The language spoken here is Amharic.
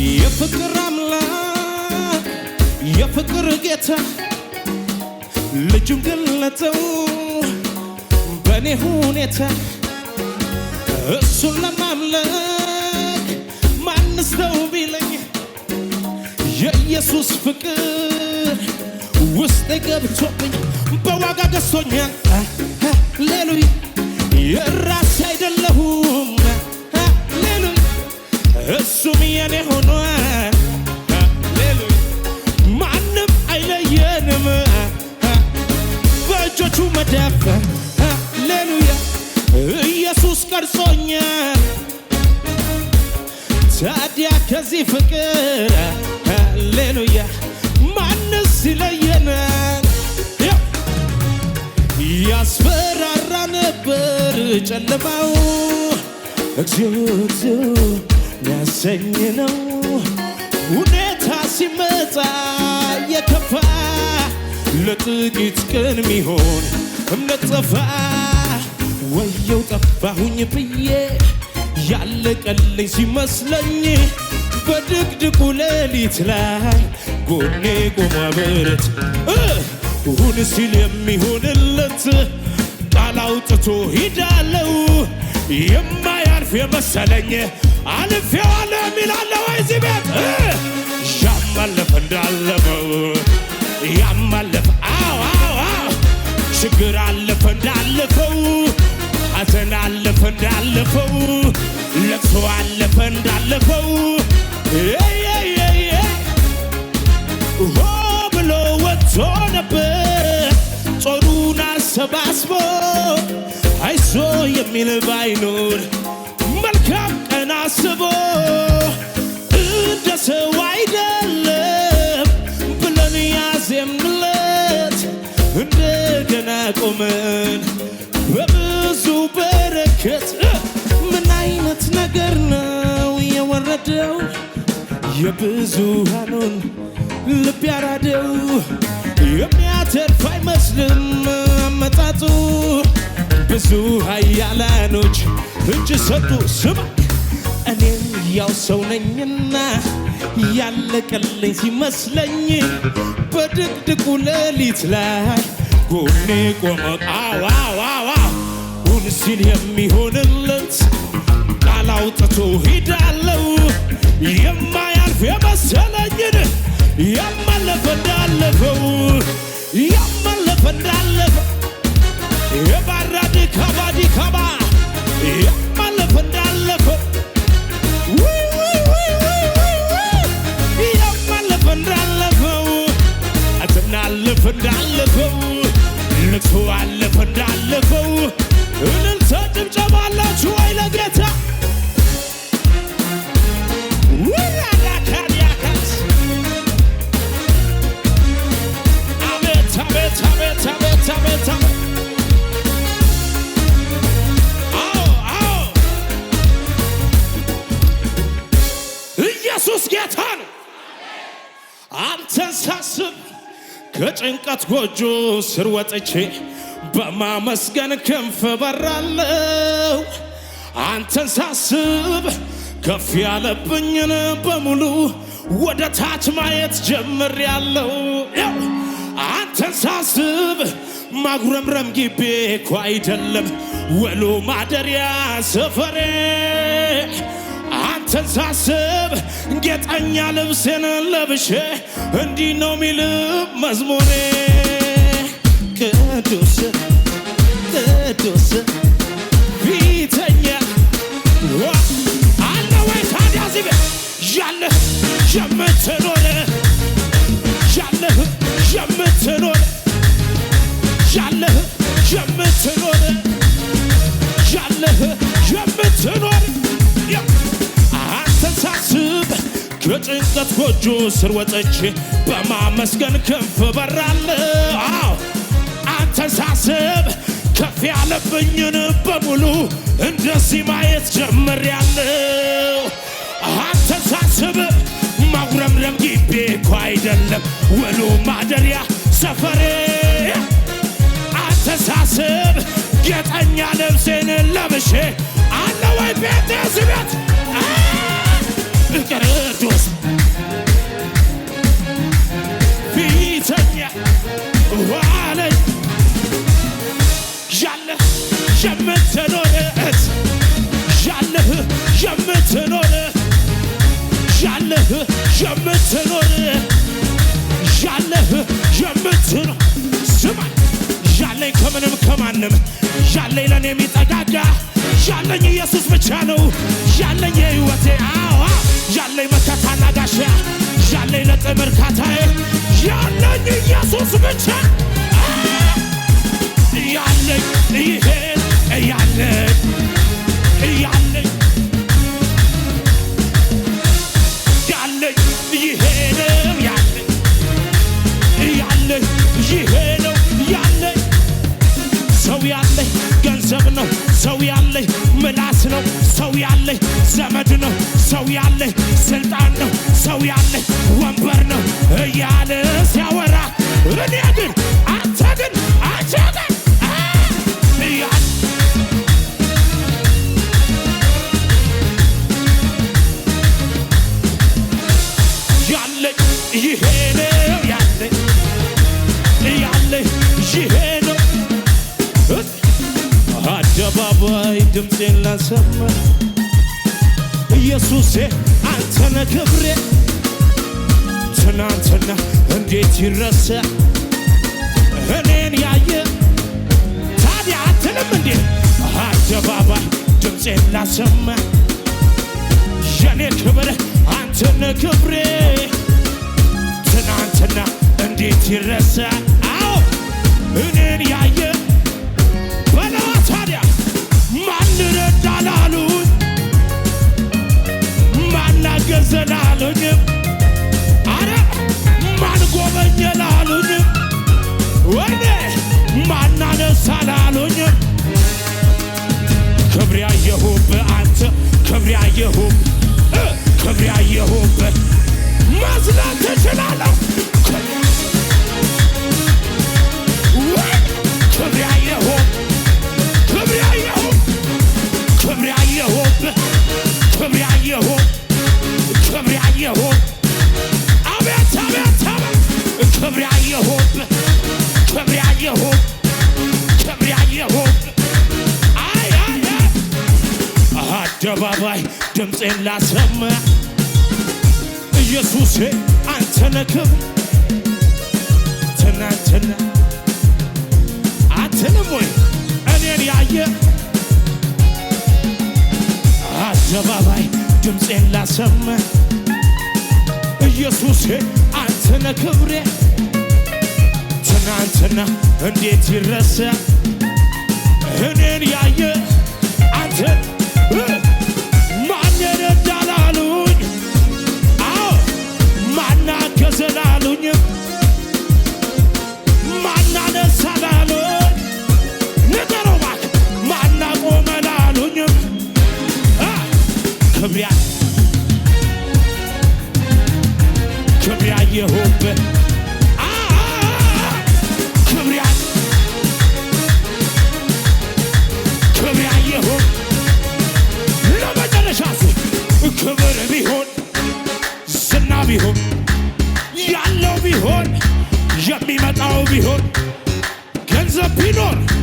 የፍቅር አምላክ የፍቅር ጌታ ልጁን ገለጠው በእኔ ሁኔታ እሱን ለማምለክ ማንስ ነው ቢለኝ የኢየሱስ ፍቅር ውስጤ ገብቶብኝ በዋጋ ገዝቶኛል። ሃሌሉያ የራሴ አይደለሁ እሱም የኔ ሆኗል። ማንም አይለየንም በእጆቹ መዳፍ ሃሌሉያ ኢየሱስ ቀርጾኛል። ታዲያ ከዚህ ፍቅር ሃሌሉያ ማንስ ይለየናል? ያስፈራራ ነበር ጨለማው እግዚኦ የሚሰኝ ነው። ሁኔታ ሲመጣ የከፋ ለጥቂት ቀን ሚሆን እምነት ጠፋ። ወየው ጠፋሁኝ ብዬ ያለቀልኝ ሲመስለኝ በድቅድቁ ሌሊት ላይ ጎኔ ቆማ በረት ሁን ሲል የሚሆንለት ቃል አውጥቶ ሂዳለው የማያልፍ የመሰለኝ አልፌዋለሁ የሚላለ ወይ ቤት ያማለፈ እንዳለፈው ያማለፈ ችግር አለፈ እንዳለፈው ሐዘን አለፈ እንዳለፈው ለቅሶ አለፈ እንዳለፈው ሆ ብሎ ወጥቶ ነበር ጦሩን አሰባስቦ አይዞህ የሚል ባይኖር መልካም አስቦ እንደ ሰው አይደለም ብለን ያዜምለት እንደገና ቆመን በብዙ በረከት ምን አይነት ነገር ነው የወረደው የብዙሃኑን ልብ ያራደው የሚያተርፍ አይመስልም አመጣጡ ብዙ ኃያላኖች እጅ ሰጡ ስማ እኔ ያው ሰው ነኝና ያለቀልኝ ሲመስለኝ በድቅድቁ ሌሊት ላይ ጎኔ ቆመ አዋዋዋ ሁን ሲል የሚሆንለት ቃል አውጥቶ ሂዳለው የማያልፍ የመሰለኝን ያማለፈ እንዳለፈው ያማለፈ እንዳለፈ የባራድ ከባዲ ከባ ያማለፈ እንዳለፈ አለፈ አለፈ እንዳለፈው እልልታ ጭብጨባ አላችሁ ወይ ለጌታ ኢየሱስ ጌታ ነው። አንተን ሳስብ ከጭንቀት ጎጆ ስር ወጥቼ በማመስገን ክንፍ በራለው አንተን ሳስብ ከፍ ያለብኝን በሙሉ ወደ ታች ማየት ጀምር ያለው አንተን ሳስብ ማጉረምረም ግቤ እኮ አይደለም ወሎ ማደሪያ ሰፈሬ አንተን ሳስብ ጌጠኛ ልብሴን ለብሼ እንዲህ ነው ሚል መዝሙሬ ቅዱስ ቅዱስ ፊተኛ አለ ወይ ታዲያ ዚቤ ያለህ የምትኖር ከጸጸት ጎጆ ስር ወጠች በማመስገን ክንፍ በራለሁ። አንተን ሳስብ ከፍ ያለብኝን በሙሉ እንደዚህ ማየት ጀምሬያለሁ። አንተን ሳስብ ማጉረምረም ግቤ እኮ አይደለም ውሎ ማደሪያ ሰፈሬ አንተን ሳስብ ጌጠኛ ልብሴን ለብሼ አለ ወይ ቤቴ ስቤት ቅዱስ የምትኖርት ያለህ የምትኖር ያለህ የምትኖር ያለህ የምትኖር ስማ ያለኝ ከምንም ከማንም ያለኝ ለኔ የሚጠጋጋ ያለኝ ኢየሱስ ብቻ ነው። ያለኝ የህይወቴ አዋ ያለኝ መከታና ጋሻ ያለኝ እርካታዬ ያለኝ ኢየሱስ ብቻ ያለኝ ይሄ ያለህ ምላስ ነው። ሰው ያለህ ዘመድ ነው። ሰው ያለህ ስልጣን ነው። ሰው ያለህ ወንበር ነው እያለ ሲያወራ እኔ ግን አንተ ግን አንተ ይሄ ድምፄን ላሰማ ኢየሱሴ አንተነ ክብሬ ትናንትና እንዴት ይረሳ እኔን ያየ ታዲያ አትልም እንዴ አደባባይ ድምፄን ላሰማ የኔ ክብር አንተነ ክብሬ ትናንትና እንዴት ይረሳ አዎ እኔን ያየ አየሁ በአንተ ክብር አየሁ ክብር አየሁ ማዝናት ትችላለሁ ክብር ክብር ክብር አባይ ድምፄን ላሰማ ኢየሱሴ አንተነ ክብር ትናንትና አትንም ወይ እኔን ያየ አደባባይ ድምፄን ላሰማ ኢየሱሴ አንተ ክብሬ ትናንትና እንዴት ይረሳ እኔን ያየ አንተን ክብር ክብር ያየሁብህ ክብር ቢሆን ዝና ቢሆን ያለው ቢሆን የሚመጣው ቢሆን ገንዘብ ቢኖር